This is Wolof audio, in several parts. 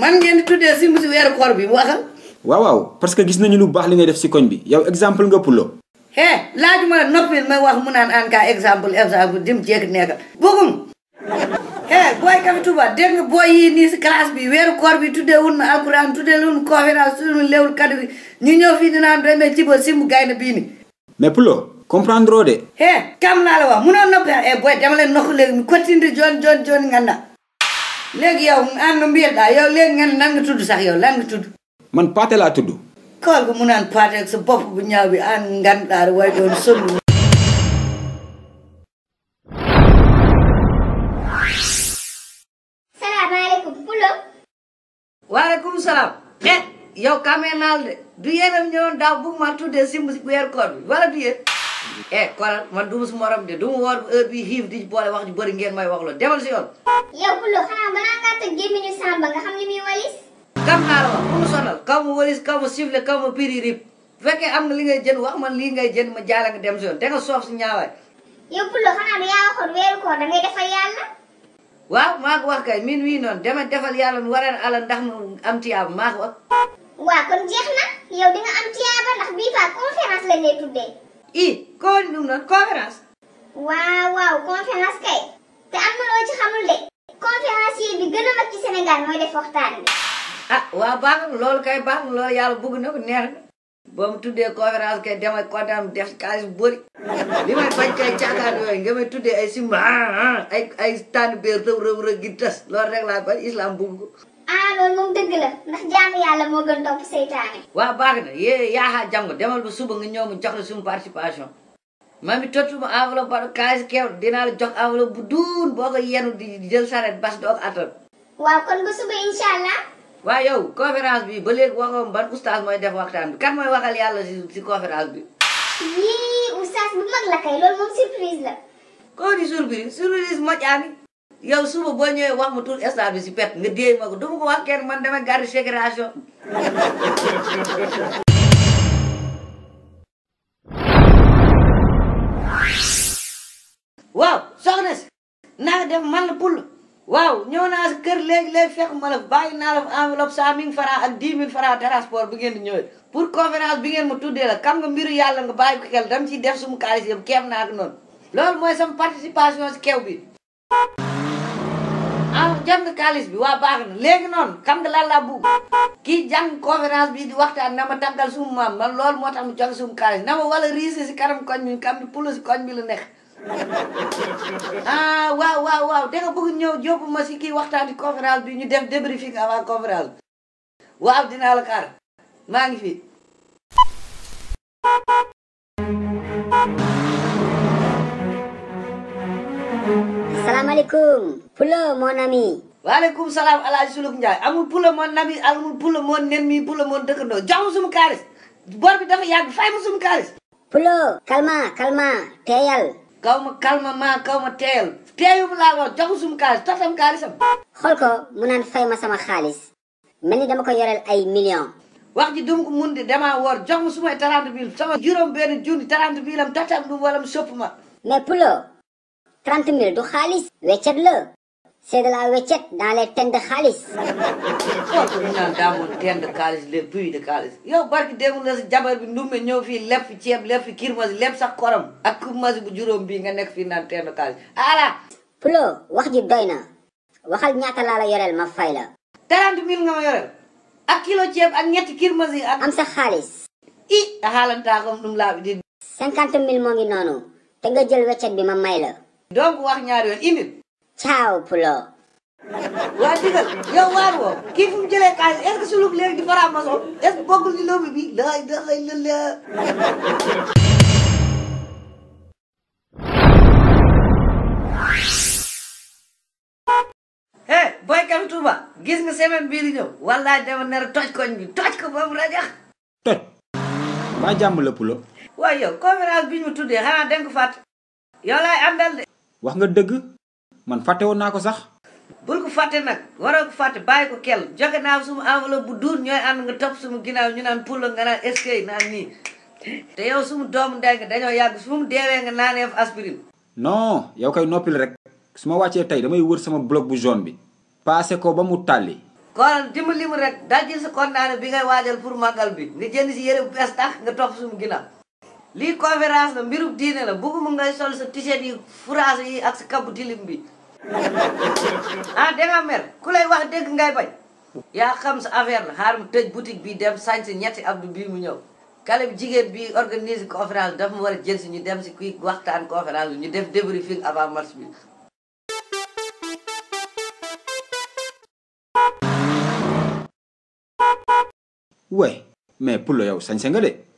man ngeen di tuddee si musi weeru koor bi wax waaw waaw parce que gis nañu lu baax li ngay def si koñ bi yow exemple nga poulo hee laajuma la noppil may wax mu naan en cas exemple exemple dim jeeg nekkal. bëggum. hee booy Café Touba dégg nga booy nii si classe bi weeru koor bi tuddee wun na alquran tuddee wun conférence suñu lewul kaddu ñëw fii dinaan demee ci ba simu gaynde bii nii. mais Pulo. comprendre de. hee naa la wax munoon noppi eh booy dama leen nokku léegi mu continué joon joon joon nga na. léegi yow ànd mbir daal yow léegi ngeen nan nga tudd sax yow lan nga tudd. man Pathé laa tudd. kool gu mu naan Pathé sa bopp bu ñaaw bi ànd ngan daal waaye doon sonn. salaamaaleykum salaam. xeet eh, yow kamee naal de du yéen a ñëwoon daaw bëgg maa tuddee si weer koor wala du yéen. eh kwal man dum su morom de dum war heure bi hiv di boole wax ju bari ngeen may wax lo demal ci yoon yow bulu xanaa nga ngaa gemi ni samba nga xam li muy walis kam na la wax bu sonal kam walis kam sifle kam mu piri rib fekkee am nga li ngay jën wax man li ngay jën ma jaala nga dem si yoon te nga soof si ñaawaay yow bulu xana du ya waxon weeru ko da ngay defal yalla waaw ma ko wax kay min wi non dama defal yalla mu waral ala ndax mu am tiyaab ma ko wa kon jeex na yow di nga am tiyaaba ndax bi fa conférence la ngay tuddee y con unas Wow wow waaw conférence kay te am na loo ci xamul de conférencier bi gën a mag ci ah wow, bang lo que bang baax na loolu yàlla bëgg na ko neex na ba mu tuddee conférence kay damay kontaan def xaalis bu bëri li may bañ kay caataan yooyu ay simba ay ay tànn beer islam bëgg ah dëgg la ndax jaamu yàlla moo gën topp seytaane. waaw baax na yee yaaxaa jàmm demal ba suba nga ñëw mu jox la suñu participation. mami tottuma enveloppe ba kaasi keew dinaa la jox enveloppe bu duun boo ko yenu di jël saret bas doo ko attan. waaw kon ba suba incha allah. yow conférence bi ba léegi waxoon ban oustaz mooy def waxtaan bi kan mooy waxal yàlla si si bi. yii oustaz bu mag la kay loolu moom surprise la. koo di surprise surprise mojaani. yow suma boo ñëwee wax ma tur instant bi si pet nga déey ma ko du ma ko wax kenn man dama garde ségrégation waaw soxna naa def man la pull waaw ñëw naa si kër léegi-léegi fekk ma la bàyyi naa la enveloppe cent mille francs ak dix mille francs transport bi ngeen di ñëwee pour conférence bi ngeen ma tuddee la xam nga mbiru yàlla nga bàyyi ko xel dama ciy def sumu xaalis yëpp keem naa ko noonu loolu mooy sama participation si kew bi jam nga kalis bi waa baax na léegi noonu xam nga lan laa bugg kii jàng conférence bi di waxtan na ma tàggal sumu maam man loolu mu joxe sumu na ma wala riise ci karam koñ bi kam ni pulu koñ bi la nekh ah waaw waaw waaw de nga bëgg ñew jobu ma ci ki waxtan di conférence bi ñu def débriefing avant conférence bi waaw dinaa la kar ma ngi fi thank you salaamaaleykum. Pulo mon ami. waaleykum salaam El Hadj Suluk Ndiaye amul Pulo mon ami amul Pulo mon ennemi Pulo mon dëkkandoo jox ma sumu kaalis bor bi dafa yàgg fay ma sumu kaalis. Pulo kalma kalma teeyal. kaw ma kalma ma kaw ma teeyal teeyum laa ma sumu kaalis toxtam kaalisam. xool ko mu naan fay ma sama xaalis mel ni dama ko yoreel ay millions. wax ji dum ko mun di damaa woor jox ma sumay 30 000 sama juróom benn junni 30 000 am toxtam du wala mu sopp ma. 30 000 du xaalis weccet la c'est de la weccet dans les tenn de xaalis. kooku ñu naan daa moom tenn xaalis les buy de xaalis. yow barki démb la si jabar bi ndumbe ñëw fii lépp ceeb lépp kirmasi lépp sax korom. a kirmasi bu juróom bii nga nekk fii naan tenn de xaalis ala. Pulo wax ji doy na waxal ñaata laa la ma fay la. 30 nga ma yoreel. ak kilo ceeb ak ñetti kirmasi ak. am sa xaalis. i xaalantaa comme dum laa bi di. 50 000 moo ngi noonu te nga jël weccet bi ma donc wax ñaar yoon indil ciao pulo wa digal yow ya, waro woo kii fu jele jëlee kan? ya, est ce que suluk di fara maso ya, est ce que di ci lobby bi la la illallah boy kam touba gis nga semaine bi di ñew walla dem na toj koñ bi toj ko bam rajax toj ba jamm lepp lo way yow conférence bi ñu tuddé xana denk fat yow lay andal de wax nga deug man faté won nako ko sax bul ko faté nak waro ko faté bay ko kel joxe na suma enveloppe bu dur ñoy and nga top suma ginaaw ñu naan pulo nga naan eskay naan ni te yow suma dom ndey nga dañoo yag su mu nga naanee fa aspirin non yow kay nopil rek suma wacce tay damay wër sama bloc bu jaune bi passé ko ba mu tali kon dim lim rek dajji sa kondaane bi ngay wajal pour magal bi ni jënd ci yére bu pestax nga top suma ginaaw lii conférence la mbirub diine la bëgguma ngay sol sa t-shirt yi furaas yi ak sa kabu dilim bi ah danga mer ku lay wax dégg ngay bañ yaa xam sa affaire na xaar mu tëj boutique bi dem sañ ñetti ñetti abdu bii mu ñëw kale bi jigéen bi organise conférence daf mu war a jël si ñu dem si kuy waxtaan conférence bi ñu def débriefing avant match bi way mais pour la yow sañse nga de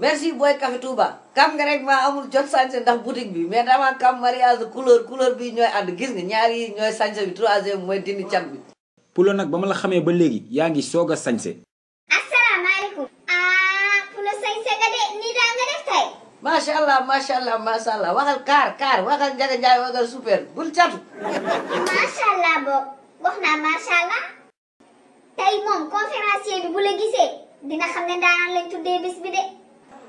merci boy café Touba kam nga rek ma amul jot sañse ndax boutique bi mais dama kam mariage couleur couleur bi ñoy and gis nga ñaar yi ñoy sañse bi 3e moy dindi cat bi pulo nak bama la xamee ba léegi yaangi soga soog assalamu alaykum ah pulo sañse nga de ni da nga def ma sha allah sha allah sha allah waxal kar kar waxal njaga njaay waxal super bul ma sha allah bo waxna ma sha allah tay mom conférencier bi bu la gisé dina xam ne lañ tuddé bis bi de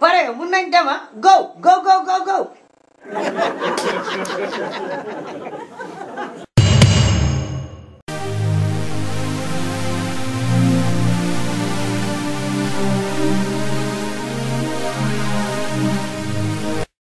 pare nga mun nañ dema ah, go go go go go